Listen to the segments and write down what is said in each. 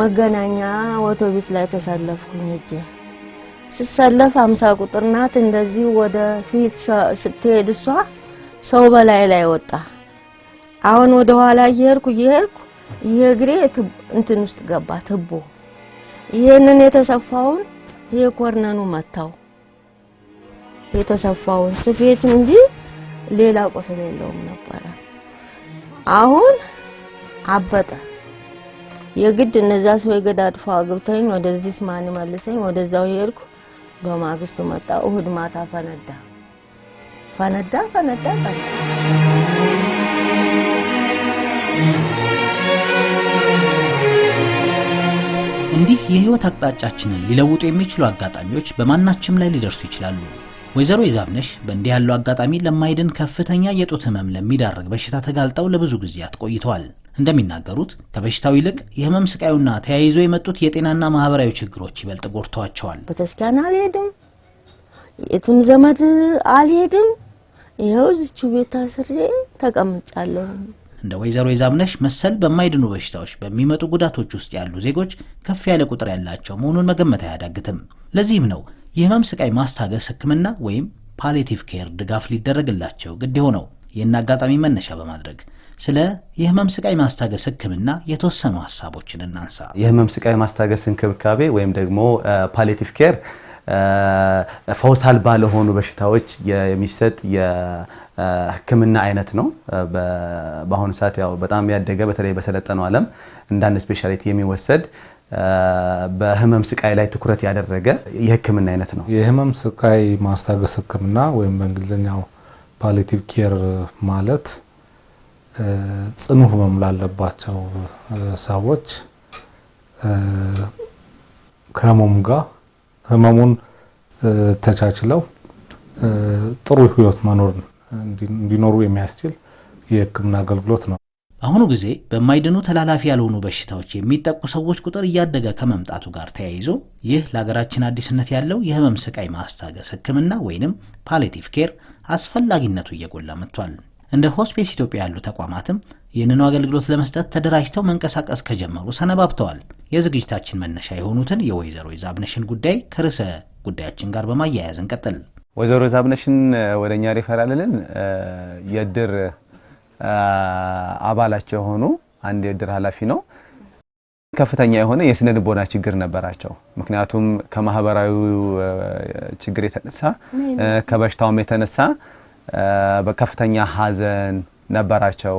መገናኛ አውቶቡስ ላይ ተሰለፍኩኝ እጄ ስሰለፍ አምሳ ቁጥር ናት። እንደዚህ ወደ ፊት ስትሄድ እሷ ሰው በላይ ላይ ወጣ። አሁን ወደ ኋላ እየሄድኩ እየሄድኩ ይሄ እግሬ እንትን ውስጥ ገባ ትቦ። ይሄንን የተሰፋውን ይሄ ኮርነኑ መታው። የተሰፋውን ስፌት እንጂ ሌላ ቁስል የለውም ነበረ። አሁን አበጠ። የግድ እነዛ ሰው የገዳ አጥፎ አግብተኝ ወደዚህ ማን መልሰኝ ወደዛው ሄድኩ። በማግስቱ መጣ። እሁድ ማታ ፈነዳ ፈነዳ ፈነዳ ፈነዳ። እንዲህ የህይወት አቅጣጫችንን ሊለውጡ የሚችሉ አጋጣሚዎች በማናችም ላይ ሊደርሱ ይችላሉ። ወይዘሮ ይዛብነሽ በእንዲህ ያለው አጋጣሚ ለማይድን ከፍተኛ የጡት ህመም ለሚዳረግ በሽታ ተጋልጠው ለብዙ ጊዜያት ቆይተዋል። እንደሚናገሩት ከበሽታው ይልቅ የህመም ስቃዩና ተያይዞ የመጡት የጤናና ማህበራዊ ችግሮች ይበልጥ ጎድተዋቸዋል። ቤተክርስቲያን አልሄድም፣ የትም ዘመድ አልሄድም። ይኸው እዚሁ ቤት ታስሬ ተቀምጫለሁ። እንደ ወይዘሮ የዛምነሽ መሰል በማይድኑ በሽታዎች በሚመጡ ጉዳቶች ውስጥ ያሉ ዜጎች ከፍ ያለ ቁጥር ያላቸው መሆኑን መገመት አያዳግትም። ለዚህም ነው የህመም ስቃይ ማስታገስ ህክምና ወይም ፓሌቲቭ ኬር ድጋፍ ሊደረግላቸው ግድ የሆነው። ይህን አጋጣሚ መነሻ በማድረግ ስለ የህመም ስቃይ ማስታገስ ህክምና የተወሰኑ ሀሳቦችን እናንሳ። የህመም ስቃይ ማስታገስ እንክብካቤ ወይም ደግሞ ፓሊያቲቭ ኬር ፈውስ አልባ ለሆኑ በሽታዎች የሚሰጥ የህክምና አይነት ነው። በአሁኑ ሰዓት ያው በጣም ያደገ በተለይ በሰለጠነው ዓለም እንዳንድ ስፔሻሊቲ የሚወሰድ በህመም ስቃይ ላይ ትኩረት ያደረገ የህክምና አይነት ነው። የህመም ስቃይ ማስታገስ ህክምና ወይም በእንግሊዝኛው ፓሊያቲቭ ኬር ማለት ጽኑ ህመም ላለባቸው ሰዎች ከህመሙ ጋር ህመሙን ተቻችለው ጥሩ ህይወት መኖር እንዲኖሩ የሚያስችል የህክምና አገልግሎት ነው። በአሁኑ ጊዜ በማይድኑ ተላላፊ ያልሆኑ በሽታዎች የሚጠቁ ሰዎች ቁጥር እያደገ ከመምጣቱ ጋር ተያይዞ ይህ ለሀገራችን አዲስነት ያለው የህመም ስቃይ ማስታገስ ህክምና ወይንም ፓሊቲቭ ኬር አስፈላጊነቱ እየጎላ መጥቷል። እንደ ሆስፒስ ኢትዮጵያ ያሉ ተቋማትም ይህንኑ አገልግሎት ለመስጠት ተደራጅተው መንቀሳቀስ ከጀመሩ ሰነባብተዋል። የዝግጅታችን መነሻ የሆኑትን የወይዘሮ የዛብነሽን ጉዳይ ከርዕሰ ጉዳያችን ጋር በማያያዝ እንቀጥል። ወይዘሮ የዛብነሽን ወደ እኛ ሪፈራልልን የእድር አባላቸው የሆኑ አንድ የእድር ኃላፊ ነው። ከፍተኛ የሆነ የስነ ልቦና ችግር ነበራቸው። ምክንያቱም ከማህበራዊ ችግር የተነሳ ከበሽታውም የተነሳ በከፍተኛ ሀዘን ነበራቸው።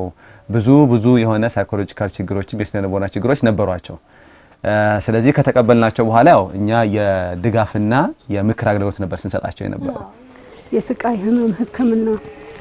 ብዙ ብዙ የሆነ ሳይኮሎጂካል ችግሮችም የስነ ችግሮች ነበሯቸው። ስለዚህ ከተቀበልናቸው በኋላ ያው እኛ የድጋፍና የምክር አገልግሎት ነበር ስንሰጣቸው የነበረው። የስቃይ ህመም ህክምና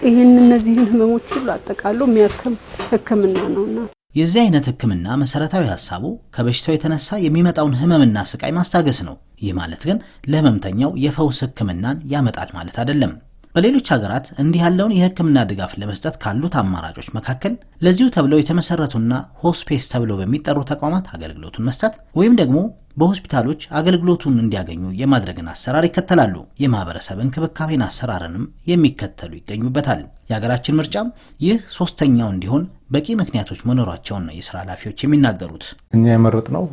ይህን እነዚህን ህመሞች ሁሉ አጠቃሎ የሚያክም ህክምና ነውና የዚህ አይነት ህክምና መሰረታዊ ሀሳቡ ከበሽታው የተነሳ የሚመጣውን ህመምና ስቃይ ማስታገስ ነው። ይህ ማለት ግን ለህመምተኛው የፈውስ ህክምናን ያመጣል ማለት አይደለም። በሌሎች ሀገራት እንዲህ ያለውን የሕክምና ድጋፍ ለመስጠት ካሉት አማራጮች መካከል ለዚሁ ተብለው የተመሰረቱና ሆስፔስ ተብለው በሚጠሩ ተቋማት አገልግሎቱን መስጠት ወይም ደግሞ በሆስፒታሎች አገልግሎቱን እንዲያገኙ የማድረግን አሰራር ይከተላሉ። የማህበረሰብ እንክብካቤን አሰራርንም የሚከተሉ ይገኙበታል። የሀገራችን ምርጫም ይህ ሶስተኛው እንዲሆን በቂ ምክንያቶች መኖሯቸውን ነው የስራ ኃላፊዎች የሚናገሩት። እኛ የመረጥ ነው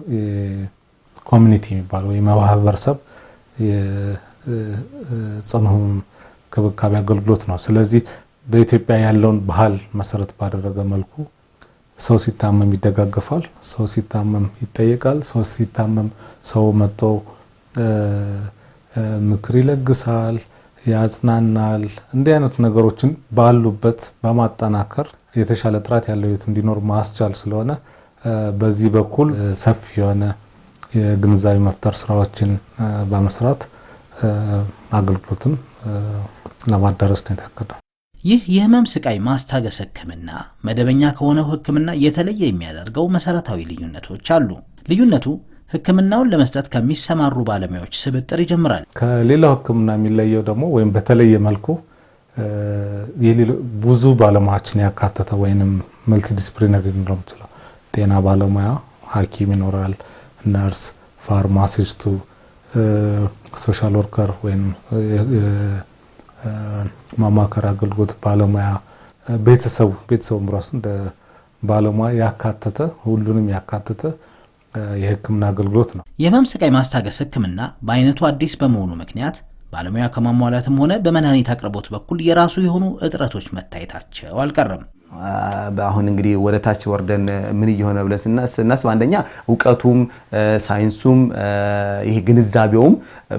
ኮሚኒቲ የሚባለው ወይም ማህበረሰብ ጽኑ ክብካቤ አገልግሎት ነው። ስለዚህ በኢትዮጵያ ያለውን ባህል መሰረት ባደረገ መልኩ ሰው ሲታመም ይደጋገፋል፣ ሰው ሲታመም ይጠየቃል፣ ሰው ሲታመም ሰው መጥቶ ምክር ይለግሳል፣ ያጽናናል። እንዲህ አይነት ነገሮችን ባሉበት በማጠናከር የተሻለ ጥራት ያለው ሕይወት እንዲኖር ማስቻል ስለሆነ በዚህ በኩል ሰፊ የሆነ የግንዛቤ መፍጠር ስራዎችን በመስራት አገልግሎትን ለማዳረስ ነው የታቀደው። ይህ የህመም ስቃይ ማስታገስ ህክምና መደበኛ ከሆነው ህክምና የተለየ የሚያደርገው መሰረታዊ ልዩነቶች አሉ። ልዩነቱ ህክምናውን ለመስጠት ከሚሰማሩ ባለሙያዎች ስብጥር ይጀምራል። ከሌላው ህክምና የሚለየው ደግሞ ወይም በተለየ መልኩ ብዙ ባለሙያዎችን ያካተተ ወይንም መልቲዲስፕሊነሪ ነው ጤና ባለሙያ ሐኪም ይኖራል፣ ነርስ፣ ፋርማሲስቱ ሶሻል ወርከር ወይም ማማከር አገልግሎት ባለሙያ ቤተሰቡ ቤተሰቡም ራሱ እንደ ባለሙያ ያካተተ ሁሉንም ያካተተ የህክምና አገልግሎት ነው። የህመም ስቃይ ማስታገስ ህክምና በአይነቱ አዲስ በመሆኑ ምክንያት ባለሙያ ከማሟላትም ሆነ በመድኃኒት አቅርቦት በኩል የራሱ የሆኑ እጥረቶች መታየታቸው አልቀረም። አሁን እንግዲህ ወደ ታች ወርደን ምን እየሆነ ብለን ስናስብ አንደኛ እውቀቱም ሳይንሱም ይሄ ግንዛቤውም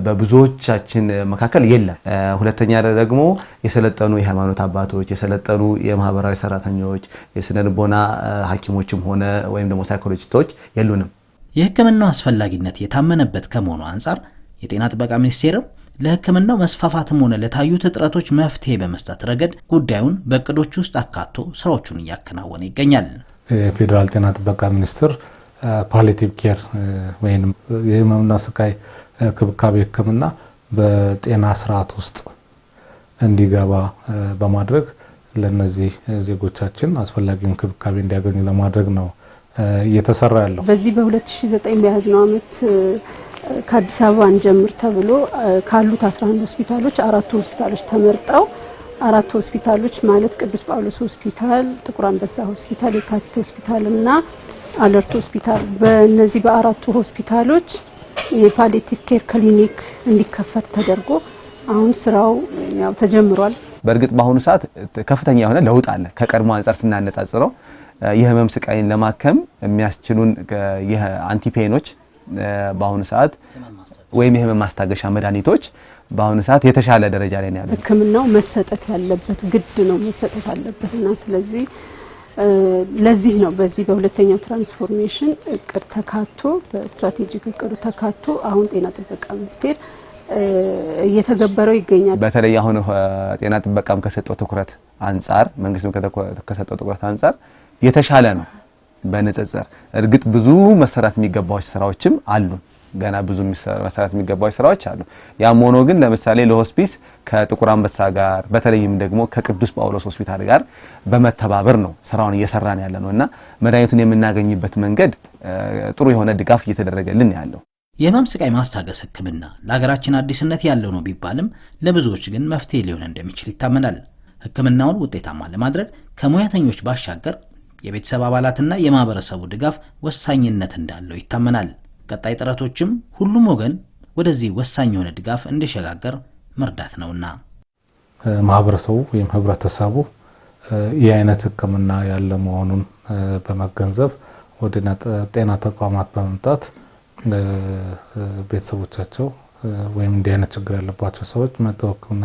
በብዙዎቻችን መካከል የለም። ሁለተኛ ደግሞ የሰለጠኑ የሃይማኖት አባቶች፣ የሰለጠኑ የማህበራዊ ሰራተኞች፣ የስነ ልቦና ሐኪሞችም ሆነ ወይም ደግሞ ሳይኮሎጂስቶች የሉንም። የህክምናው አስፈላጊነት የታመነበት ከመሆኑ አንጻር የጤና ጥበቃ ሚኒስቴርም ለሕክምናው መስፋፋትም ሆነ ለታዩት እጥረቶች መፍትሄ በመስጠት ረገድ ጉዳዩን በእቅዶች ውስጥ አካቶ ስራዎቹን እያከናወነ ይገኛል። የፌዴራል ጤና ጥበቃ ሚኒስቴር ፓሊቲቭ ኬር ወይም የህመምና ስቃይ ክብካቤ ህክምና በጤና ስርዓት ውስጥ እንዲገባ በማድረግ ለነዚህ ዜጎቻችን አስፈላጊ እንክብካቤ እንዲያገኙ ለማድረግ ነው እየተሰራ ያለው። በዚህ በ2009 በያዝነው አመት ከአዲስ አበባ እንጀምር ተብሎ ካሉት 11 ሆስፒታሎች አራቱ ሆስፒታሎች ተመርጠው አራቱ ሆስፒታሎች ማለት ቅዱስ ጳውሎስ ሆስፒታል፣ ጥቁር አንበሳ ሆስፒታል፣ የካቲት ሆስፒታል እና አለርት ሆስፒታል በእነዚህ በአራቱ ሆስፒታሎች የፓሊያቲቭ ኬር ክሊኒክ እንዲከፈት ተደርጎ አሁን ስራው ያው ተጀምሯል። በእርግጥ በአሁኑ ሰዓት ከፍተኛ የሆነ ለውጥ አለ። ከቀድሞ አንጻር ስናነጻጽረው የህመም ስቃይን ለማከም የሚያስችሉን የአንቲፔኖች በአሁኑ ሰዓት ወይም የህመም ማስታገሻ መድኃኒቶች በአሁኑ ሰዓት የተሻለ ደረጃ ላይ ነው ያሉት። መሰጠት ያለበት ግድ ነው መሰጠት ያለበት እና ስለዚህ ለዚህ ነው በዚህ በሁለተኛው ትራንስፎርሜሽን እቅድ ተካቶ በስትራቴጂክ እቅዱ ተካቶ አሁን ጤና ጥበቃ ሚኒስቴር እየተገበረው ይገኛል። በተለይ አሁን ጤና ጥበቃም ከሰጠው ትኩረት አንጻር መንግስትም ከሰጠው ትኩረት አንጻር የተሻለ ነው። በንጽጽር እርግጥ ብዙ መሰራት የሚገባዎች ስራዎችም አሉ። ገና ብዙ መሰራት የሚገባዎች ስራዎች አሉ። ያም ሆኖ ግን ለምሳሌ ለሆስፒስ ከጥቁር አንበሳ ጋር በተለይም ደግሞ ከቅዱስ ጳውሎስ ሆስፒታል ጋር በመተባበር ነው ስራውን እየሰራን ያለ ነው እና መድኃኒቱን የምናገኝበት መንገድ ጥሩ የሆነ ድጋፍ እየተደረገልን ያለው የህመም ስቃይ ማስታገስ ህክምና ለሀገራችን አዲስነት ያለው ነው ቢባልም ለብዙዎች ግን መፍትሄ ሊሆን እንደሚችል ይታመናል። ህክምናውን ውጤታማ ለማድረግ ከሙያተኞች ባሻገር የቤተሰብ አባላትና የማህበረሰቡ ድጋፍ ወሳኝነት እንዳለው ይታመናል። ቀጣይ ጥረቶችም ሁሉም ወገን ወደዚህ ወሳኝ የሆነ ድጋፍ እንዲሸጋገር መርዳት ነውና ማህበረሰቡ ወይም ህብረተሰቡ ይህ አይነት ህክምና ያለ መሆኑን በመገንዘብ ወደ ጤና ተቋማት በመምጣት ቤተሰቦቻቸው ወይም እንዲህ አይነት ችግር ያለባቸው ሰዎች መጥተው ሕክምና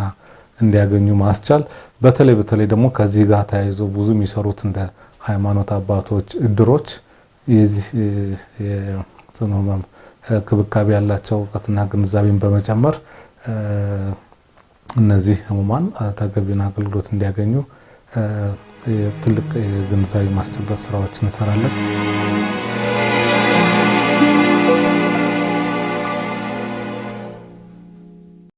እንዲያገኙ ማስቻል በተለይ በተለይ ደግሞ ከዚህ ጋር ተያይዞ ብዙ የሚሰሩት እንደ ሃይማኖት አባቶች፣ እድሮች የዚህ የጽኑ ህመም ክብካቤ ያላቸው እውቀትና ግንዛቤን በመጨመር እነዚህ ህሙማን ተገቢውን አገልግሎት እንዲያገኙ ትልቅ ግንዛቤ ማስጨበጥ ስራዎችን እንሰራለን።